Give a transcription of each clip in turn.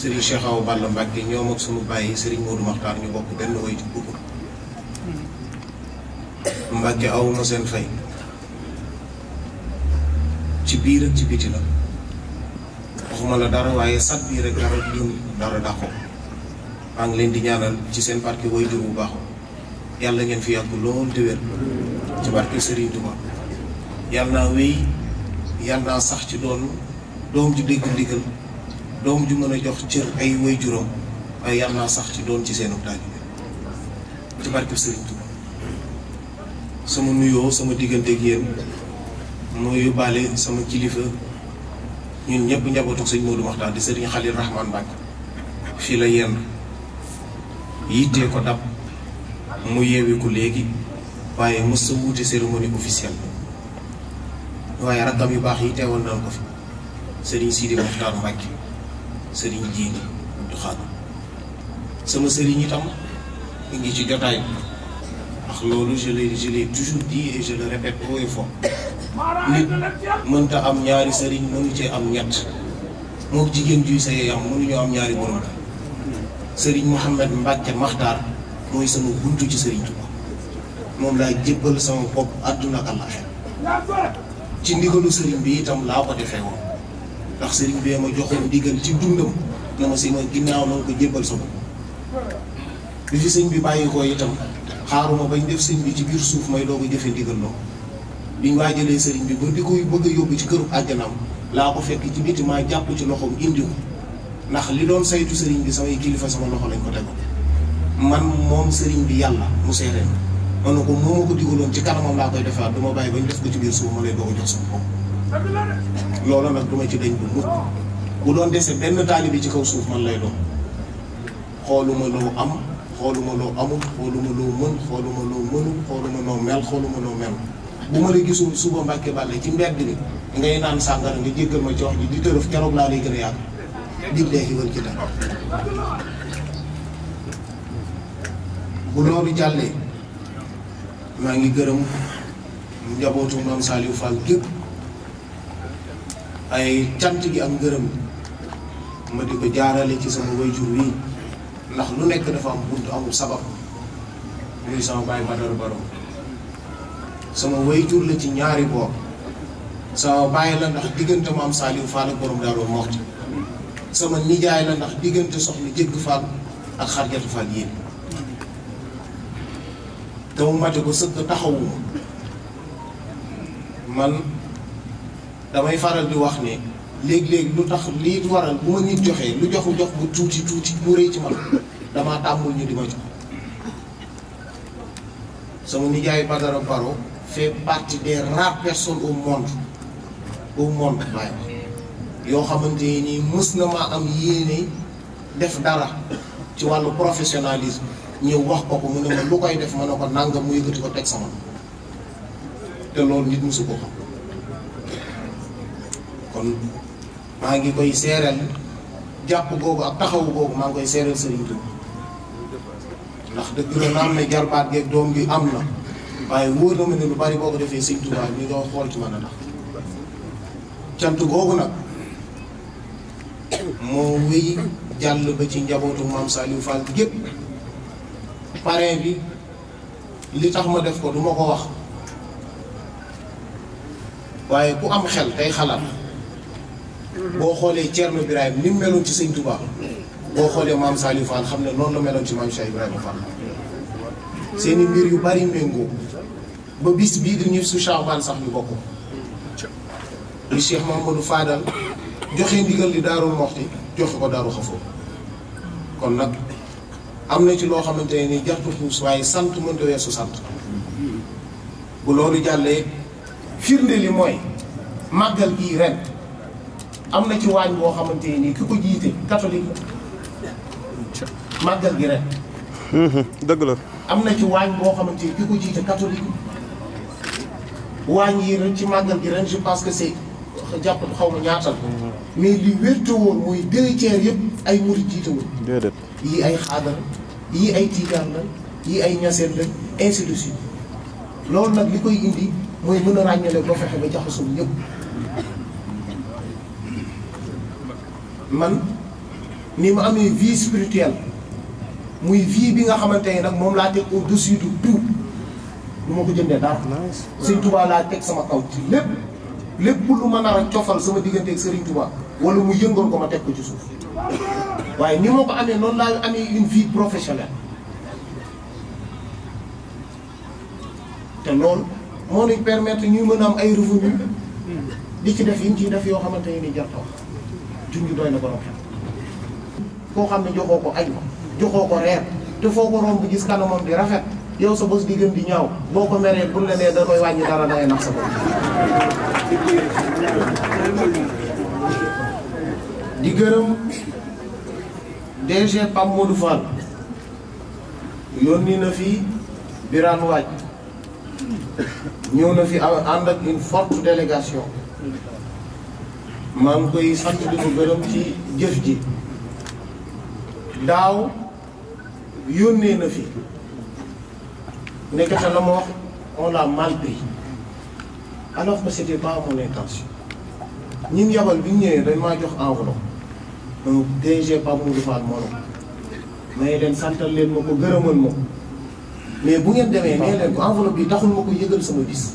serigne Cheikh aw ballo Mbacke ñom ak suñu baye serigne Modou Makhtar ñu bokk ben way ci bugu Mbacke aw ma sen fay ci biir ak ci biti la xuma la dara waye sat bii rek dara dund dara dako ang leen di ñaanal ci sen parti way jur bu baax yalla ngeen fi yàgg lool te wer ci barke Serigne Touba yalla na wéy yalla na sax ci doon doom ci deg ndigal doom ju mën a jox cër ay way juróom ay yàlla naa sax ci doon ci seenu taalibe ci sama nuyoo sama diggante ak yéen moo sama kilifa ñun ñëpp njabootu sëñ Modou Maxtaar di sëriñ Xalil Rahman Mbàkke fii la yenn ko dab mu yeewi ko waaye mës sa wuute cérémonie yu baax yi teewal nañ ko fi sëriñ sëriñ jiili du xaatu sama sëriñ itam mu ngi ci jotaay bi ndax loolu je l'ai toujours dit et je le répète haut et nit mënta am ñaari sëriñ mënu ci am ñett moo jigéen juy sa yam mënuñoo am ñaari borom sëriñ Mouhamed mbàcce Makhtar mooy sama buntu ci sëriñ Touba moom laay jébbal sama bopp àdduna ak àllaaxira ci ndigalu sëriñ bi itam laa ko defee woon ndax sëriñ bee ma joxoon diggal ci dundam na ma si ma ginnaaw na nga ko jébbal sama bi fi sëñ bi bàyyi ko itam xaaruma bañ def sëñ bi ci biir suuf may doo ko jëfe ndigal loo biñ waajalee sëriñ bi ba di koy bëgg a yóbbu ci këru àjjanaam laa ko fekk ci biti maa jàpp ci loxoom indi ko ndax li doon saytu sëriñ bi samay kilifa sama loxo lañ ko tegoon man moom sëriñ bi yàlla mu seereen ma ne ko moo ko digaloon ci bàyyi bañ def ko ci biir suuf ma lay doo ko jox sama bopp loolu nag du ma ci dañ bu mukk bu doon dese benn taalibi ci kaw suuf man lay doon xooluma loo am xooluma loo amul xooluma loo mën xooluma mënul xooluma loo mel bu ma la gisul suba mbàkke bàlle ci mbedd bi ngay naan sàngara nga jéggal ma ci wax ji di tërëf keroog laa lay gën a yàgg billaahi wal kitaab bu loolu jàllee maa ngi gërëm njabootu Mame Saliou Fall gépp ay cant gi am ngërëm ma di ko jaarale ci sama wayjur wi ndax lu nekk dafa am bunt amul sabab muy sama baay Badara Baro sama wayjur la ci ñaari boor sama baay la ndax diggante maam Saliou Fall ak borom Daaru Muxti sama nijaay la ndax diggante soxna Jëgg Fall ak Xarjatu Fall yéen te mu mate ko sëkk taxawuma man damay faral di wax ne léeg-léeg lu tax lii waral bu ma nit joxee lu joxu jox bu tuuti tuuti bu rëy ci man damaa tàmmul ñu di ma jox sama nijaay Badara Baro fait partie des rares personnes au monde au monde waaye yoo xamante nii mës na maa am yéene def dara ci wàllu professionnalisme ñëw wax ko ko mu ne ma lu koy def ma ne ko nàngam mu yëkkati ko teg sama te loolu nit mësu ko xam maa ngi koy seereel jàpp googu ak taxawu googu maa ngi koy seereel Serigne ndax dëgg na naam ne jarbaat geeg doom gi am na waaye wóor na ma ne lu bari boo ko defee Serigne Touba li nga xool ci mën a tax cant googu nag moo wéy jàll ba ci njabootu maam Saliou Fall gépp parrain bi li tax ma def ko du ko wax waaye ku am xel tey xalaat boo xoolee Thierno Birahim ni meloon ci sëñ Touba boo xoolee maam Saliou Fall xam ne noonu la meloon ci maam Cheikh mbir yu bari méngoo ba bis bii di ñëw su Chaabaan sax ñu bokk lu Cheikh Mamadou Fadal joxe ndigal li Daarul Moxti joxe ko Daaru Xafo kon nag am na ci loo xamante ne nii jartu xuus waaye sant mënta weesu sant bu loolu jàllee firnde li mooy màggal gii ren am na ci waañ boo xamante nii ki ko jiite catholique la gi ren. Mhm, dëgg la. am na ci waañ boo xamante ni ki ko jiite catholique waañ yi ci màggal gi ren je pense que c'est jàpp xaw ma ñaatal. mais li wérte woon mooy deux yëpp ay murit jiite woon. yii ay xaadar yii ay tiijaan la yii ay ñaseen la ainsi loolu nag li koy indi mooy mën a ràññale ba fexe ba jaxasoo ñëpp. man nii ma amee vie spirituelle muy vie bi nga xamante ne nag moom laa teg au-dessus de tout lu ma ko jëndee dara. Sëriñ Touba laa teg sama kaw ci lépp lépp lu ma nar a cofal sama digganteeg Sëriñ Touba wala mu yëngoon ko ma teg ko ci suuf waaye ni ma ko amee noonu laa amee une vie professionnelle te loolu moo ñu permettre ñu mën a am ay revenu di ci def yi ñu ciy def yoo xamante ne ni jar junj doyna borom xam ne ko ay joxoo ko reer te foo romb gis kanamam di rafet yow sa boss di gën di ñaaw boko ko bu la nee da koy dara da nax sa di DG Pam Modou Fall fi biran ñew na fi une forte délégation maa ngi koy sant di ko gërëm ci jëf ji daaw yónnee na fi nekkata la ma wax on l'a mal pris alors que c'était pas mon intention ñun yabal bi ñu ñëwee dañ maa jox enveloppe donc DG Pape Modou Fall moo la may leen santal leen ma ko gërëmal ma ko mais bu ngeen demee nee leen ko enveloppe bi taxul ma ko yëgal sama bis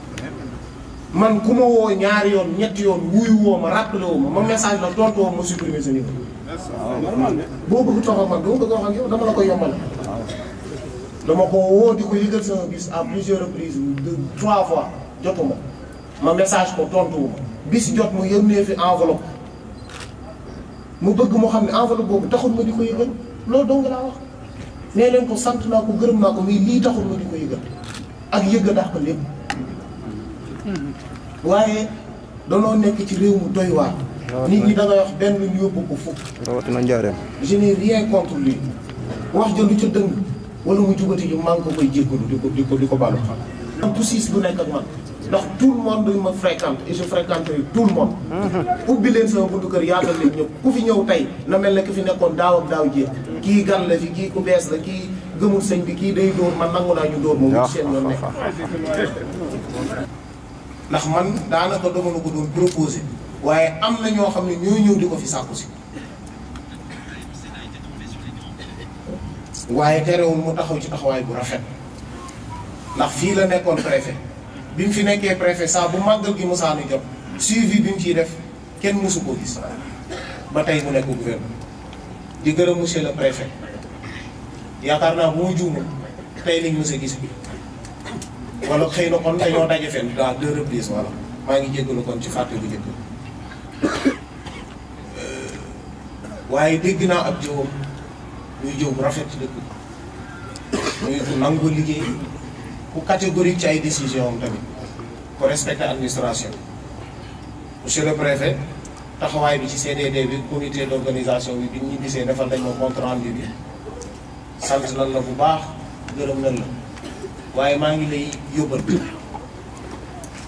man ku ma woo ñaari yoon ñetti yoon wuyu woo ma rappelé woo ma ma message la tontu woo ma supprimer sa numéro. boo bëgg toog ak man dama bëgg wax ak yow dama la ko yombal. dama ko woo di ko yëgal sama bis à plusieurs reprises deux trois fois jotuma ma message ko tontu wu ma bis jot mu yónnee fi enveloppe mu bëgg moo xam ne enveloppe boobu taxul ma di ko yëgal loolu wax ko sant ko gërëm ko taxul ma di ko yëgal ak yëg waaye danoo nekk ci réew mu doy waar. nit ñi da ngay wax benn ñu yóbbu ko fukk. rawatina njaareem. je n'ai rien contre lui. wax ja lu ca dëng wala mu jubati ji maa ngi ko koy jéggalu di ko di ko di ko baalu xam. am bu nekk ak man. ndax tout le monde ma fréquente et je fréquente tout le monde. Mhm. ubbi leen sama buntu kër yaatal leen ku fi ñëw tey na mel ne fi nekkoon daaw daaw jéeg. kii gan la fi kii ku bees la kii gëmul sëñ bi kii day dóor man nangu naa ñu dóor moom. Ah, seen yoon ah, nekk. Ah, ndax man daa dama la ko doon proposé waaye am na ñoo xam ne ñoo ñëw di ko fi sàkku si waaye terewul mu taxaw ci taxawaay bu rafet ndax fii la nekkoon préfet bi mu fi nekkee préfet saa bu màggal gi musaani jot suivi bi mu ciy def kenn mësu koo gis ba tey mu nekk gouvernement di gërëm monsieur le préfet yaakaar naa bu mu juumul tey lañ mës a gis bi wala xëy na kon dañoo daje fenn dans deux reprises voilà maa ngi jéggalu kon ci fàtte bu njëkk euh, waaye dégg naa ab jëwam muy jëw bu rafet ci dëkk muy ku nangoo liggéey ku catégorique ci ay décision am tamit ku respecter administration monsieur le préfet taxawaay bi ci CDD bi comité d' organisation bi bi ñu gisee defal nañ ma compte rendu bi sant nañ la bu baax gërëm nañ la waaye maa ngi lay yóbbante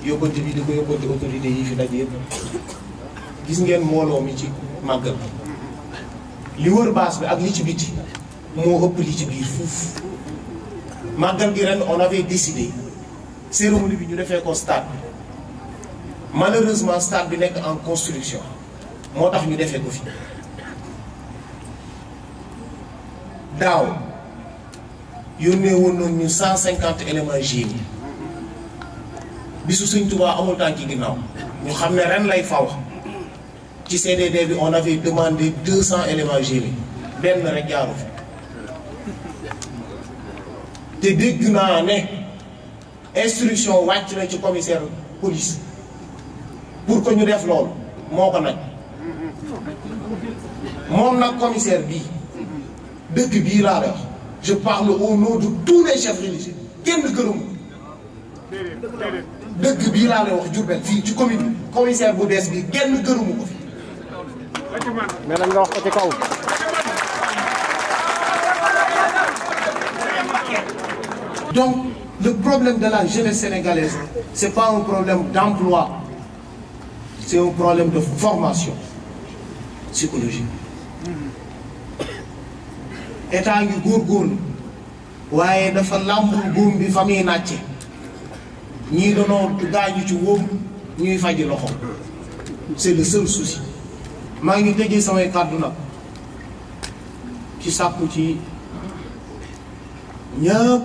yóbbante bi di ko yóbbante autorité yi fi daje yëpp gis ngeen mbooloo mi ci màggal li wër baas bi ak li ci biti moo ëpp li ci biir fuuf màggal gi ren on avait décidé cérémonie bi ñu defee ko stade bi malheureusement stade bi nekk en construction moo tax ñu defee ko fi daaw yónnee woon noonu ñu cent cinquante éléments génie bisu Sëñ Tuubaa amul tànk ci ginnaw ñu xam ren lay faw ci CDD bi on avait demandé 200 cent éléments génie benn rek jaaru te dégg naa ne instruction wàcc na ci commissaire police pour que ñu def loolu moo ko nag moom nag commissaire bii dëkk bii laa lay wax je parle au nom de tous les chefs religieux commissaire donc le problème de la jeunesse sénégalaise ce n'est pas un problème d'emploi c'est un problème de formation psychologique. état ngi góorgóorlu waaye dafa làmbul góom bi fa nàcce ñii danoo gaañu ci wóom ñuy faji loxo c'est le seul maa ngi tëjee samay kàddu nag ci sàkku ci ñëpp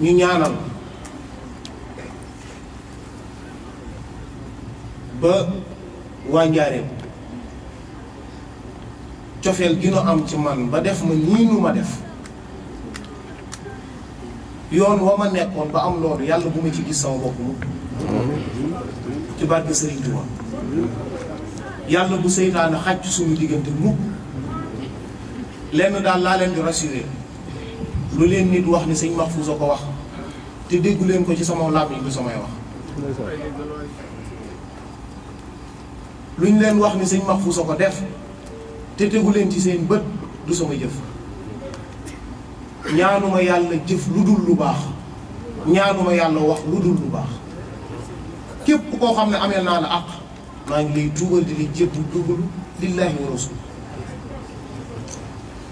ñu ñaanal ba waa cofeel gi am ci man ba def ma nii nu ma def yoon wa ma nekkoon ba am loolu yàlla bu ma ci gis sama bopp mu ci barke Sëriñ Tuuba yàlla bu seytaane xàcc suñu diggante mukk lenn daal laa leen di rassuré lu leen nit wax ni sëñ Mahfouza ko wax te déggu leen ko ci sama làmmiñ bi samay wax luñ leen wax ni sëñ Mahfouza ko def te tegu leen ci seen bët du sama jëf ñaanuma yàlla jëf lu dul lu baax ñaanuma yàlla wax lu dul lu baax képp koo xam ne ameel naa la àq maa ngi lay tuubal di li jëpp dugalu lillahi wa rasul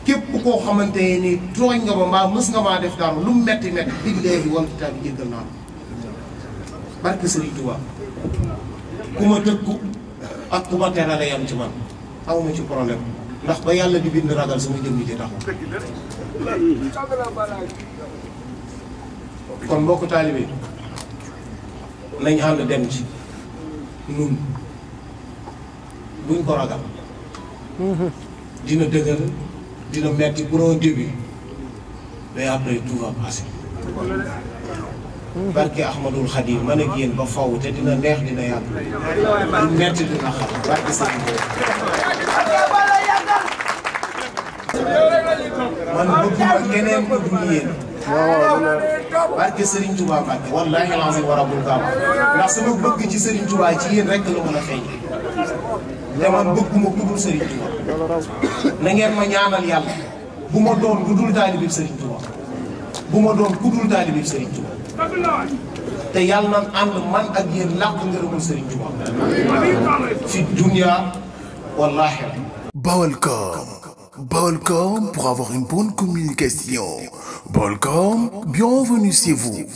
képp koo xamante ni tooñ nga ma mbaa mës nga maa def dara lu metti metti billahi wal kitaabi jéggal naa barke Sëriñ Tuubaa ku ma tëkku ak ku ma terale yam ci man aw ma ci problème ndax ba yàlla di bind ragal sama jëm ji taxu kon mbokku taalibe nañ ànd dem ci nun buñ ko ragal dina dëgër dina metti pour un début mais après tout va passer barke Ahmadul Xadim man ak yéen ba faw te dina neex dina yàgg du metti dina xam barke sànq man bëgguma keneen ku dul yéen. barke Serigne Touba Mbacke wallaahi lazim wa rabbul kaaba ndax sama bëgg ci Serigne Touba ci yéen rek la mën a feeñ. te man bëgguma ku dul Serigne Touba. na ngeen ma ñaanal yàlla bu ma doon ku dul taalibib Serigne Touba bu ma doon ku dul taalibib Serigne Touba te yàlla na ànd man ak yéen làq ngërëmul Serigne Touba. fi dunya. Balcom. Balcom pour avoir une bonne communication Balcom, bienvenue chez vous